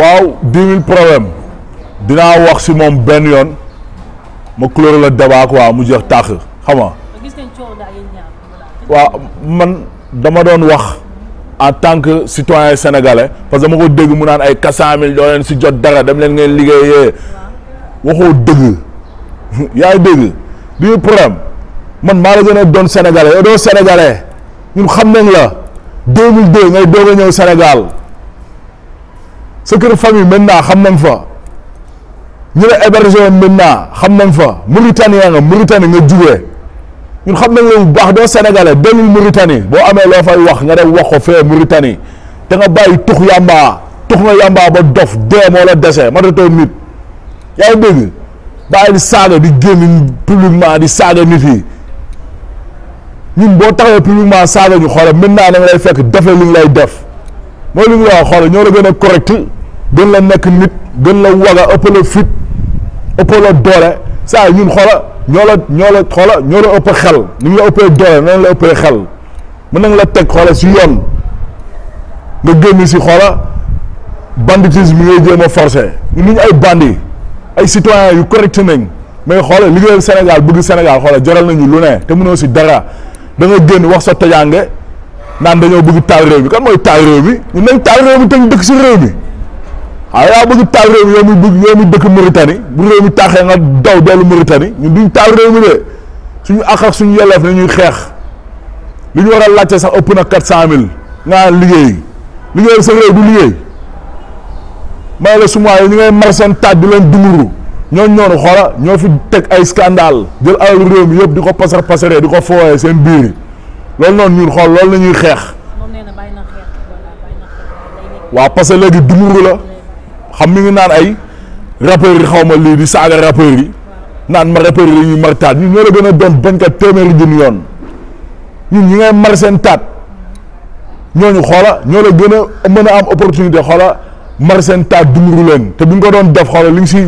waaw dix mille problème dinaa wax si moom benn yoon ma clore la débat quoi mu jeex tàq xam waaw man dama doon wax en tant que citoyen sénégalais parce que dama ko dégg mu naan ay quatre cent mille doo leen si jot dara dem leen ngeen liggéeyee waxoo dëgg yaa ngi dégg problème man maa la gën doon sénégalais yow doo sénégalais ñun xam nañ la 2002 ngay doog a ñëw Sénégal sa kër famille maintenant xam nañ fa ñu la hébergé woon naa xam nañ fa Mauritanie nga Mauritanie nga jugee ñun xam nañ la bu baax doo Sénégalais demul Mauritanie boo amee loo fay wax nga dem wax ko fee Mauritanie te nga bàyyi tux yàmbaa tux nga yàmbaa ba dof dee moo la dese matatoo nit yaa ngi dégg bàyyi di saaga di génn publiquement di saaga nit yi. ñun boo taxawee maa saaga ñu xoolal maintenant da nga lay fekk def la li ñu lay def mooy li ñu wax xoolal ñoo la gën a correct gën la nekk nit gën la waga ëpp la fit ëpp la doole saa ñun xoola ñoo la ñoo la xoola ñoo la ëpp xel ni ñu ëpp ëppee na noonu la ëppee xel mën nañ la teg xoola si yoon nga génn si xoola banditisme bi ngay jéem a forcé ñun ñu ay bandi ay citoyens yu correct nañ mais xoola liggéeyal Sénégal bëgg Sénégal xoola jaral nañu lu ne te mënoo si dara da nga génn wax sa tojaange naan dañoo bëgg taal réew mi kan mooy taal réew mi ñu nañ taal réew mi te ñu dëkk si réew mi waaw yaa bëgg taal réew mi yow mi dëkk Mauritanie bu réew mi taaxee nga daw dellu Mauritanie ñun duñ taal réew mi de suñu àq ak suñu yelleef na ñuy xeex lu ñu war a sax ëpp na quatre cent mille nga liggéey liggéey sa réew du liggéey may la suma yi ñu ngay mar seen taat di leen dumuru ñoo noonu xoola ñoo fi teg ay scandale jël alalu réew mi yëpp di ko pasar pasaree di ko foowee seen biir yi loolu noonu ñun xool loolu na ñuy xeex. waaw parce que léegi dumuru la xam mi ngi naan ay rappeurs xaw ma lii di saaga rappeurs yi naan ma rappeurs yi ñuy mar taat ñun ñoo la gën a doon bañ ko téeméeri junni yoon ñun ñi ngay mar seen taat ñu xoola ñoo la gën a mën a am opportunité xoola. Marcenta dunduru leen te bu ñu ko doon def xoolal li nga si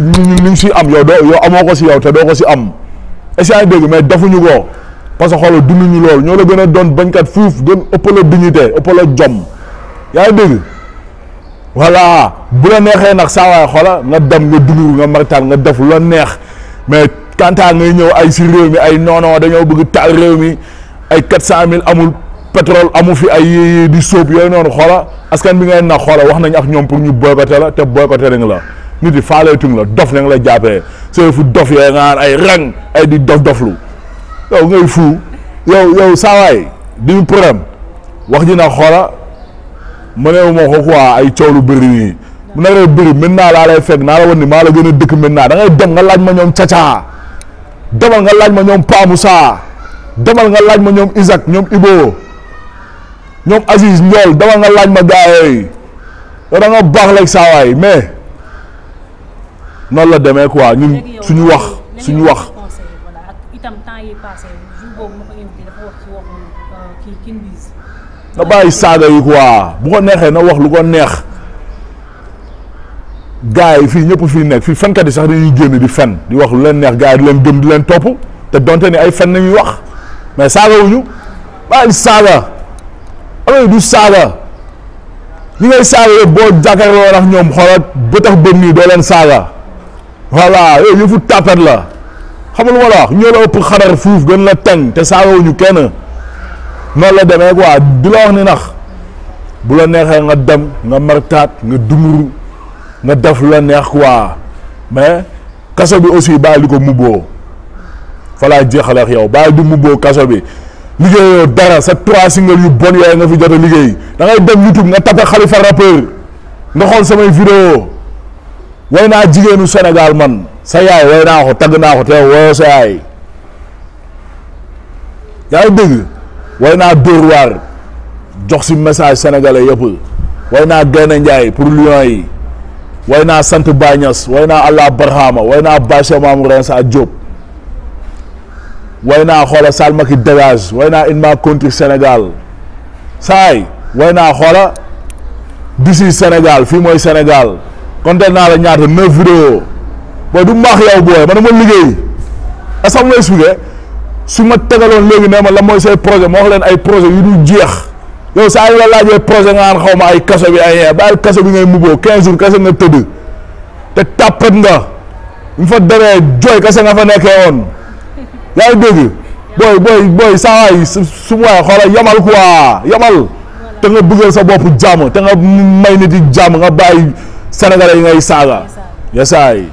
li ngi si am yow doo yow amoo ko si yow te doo ko si am est-ce que mais defuñu ko parce que xoolal dunduñu loolu ñoo la gën a doon bañkat fuuf gën ëppala dignité ëppala jom yaa ngi dégg voilà bu la neexee nag saa waay xoola nga dem nga dunduru nga martaan nga def la neex mais quant à ngay ñëw ay si réew mi ay non dañoo bëgg taal réew mi ay quatre cent mille amul. pétrole amu fi ay di sóob yooyu noonu xoola askan bi ngay na xoola wax nañ ak ñoom pour ñu boycotté la te boycotté nañ la nit yi faaleetuñ la dof nañ la jàppee sooy fu dof yooyu nga ay rang ay di dof doflu yow ngay fu yow saawaay di ñu problème wax ji na xoola mëneewu ma ko quoi ay coolu lu bëri nii mu naree bëri maintenant laa lay fekk naa la wan ni maa la gën a dëkk maintenant da ngay dem nga laaj ma ñoom caca demal nga laaj ma ñoom Pa saa demal nga laaj ma ñoom Isaac ñoom ñoom Aziz Ndiol dama nga laaj ma gaa yooyu da nga baax lek mais noonu la demee quoi ñun suñu wax suñu wax euh, na bàyyi saaga yi quoi bu ko neexee na wax lu ko neex gaa yi fii ñëpp fii nekk fi fenkat sax nañuy génn di fen di wax lu leen neex gars yi di leen gëm di leen topp te donte ni ay fen nañuy wax mais saaga wuñu bàyyi saaga amee du saaga li ngay saaga yëpp boo jàkkaarloo ak ñoom xoolal ba tax bëm nii doo leen saaga voilà yooyu yëfu la xam nga lu ma la wax ñoo la ëpp xarar fuuf gën la tàng te saagawuñu kenn noonu la demee quoi di la wax ni nax bu la neexee nga dem nga martaat nga dumuru nga def la neex waa mais kaso bi aussi bàyyi di ko mubboo fa laa jeexal ak yow bàyyi di mubboo kaso bi liggéeyoo dara sa trois yu bon yooyu nga fi jot a liggéey da ngay dem YouTube nga tapé Khalifa rappeur nga xool samay vidéo way naa jigéenu Sénégal man sa yaay way naa ko tagg naa ko te wooyoo sa yaay yaa dégg way naa Dóor jox si message sénégalais yëpp way naa Gaynde Njaay pour Lions yi way naa sant Bañas way naa Allah Barhama way naa Bache Mamour Rensa Diop way naa xoola Sall Macky dégage way naa in ma Sénégal saay way naa xoola d'ici Sénégal fii mooy Sénégal konte naa la ñaata neuf vidéo booy du maax yow booy man ma liggéey est-ce que ma su ma tegaloon léegi ne ma la mooy say projet moo wax leen ay projet yu dul jeex yow saa yu la laajee projet nga xaw ma ay kaso bi ay yéen bàyyi kaso bi ngay muboo quinze jours kese nga tëdd te tàppat nga ñu fa demee jooy kese nga fa nekkee woon yaa ngi dégg booy booy booy saa waay su ma waay xoolal yamal quoi yamal te nga bëggal sa bopp jàmm te nga may nit yi jàmm nga bàyyi sénégalais yi ngay saaga yasaay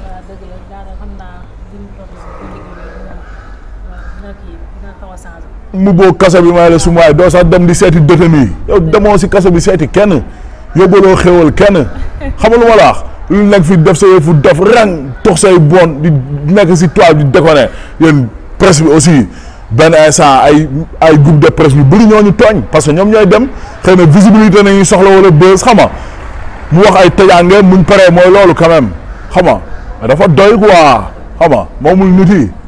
mu boo kaso bi may la su ma waay doo sax dem di seeti détenu yi yow demoo si kaso bi seeti kenn yóbbaloo xéwal kenn xamal ma la lu nekk fi def sa yëfu def rang tox say bon di nekk si toile di déconné presse bi aussi benn instant ay ay groupe de presse yu bëri ñoo ñu tooñ parce que ñoom ñooy dem xëy na visibilité nañuy soxla wala buzz xam nga mu wax ay tëjaange muñ paree mooy loolu quand même xam nga dafa doy quoi xam nga moomul nit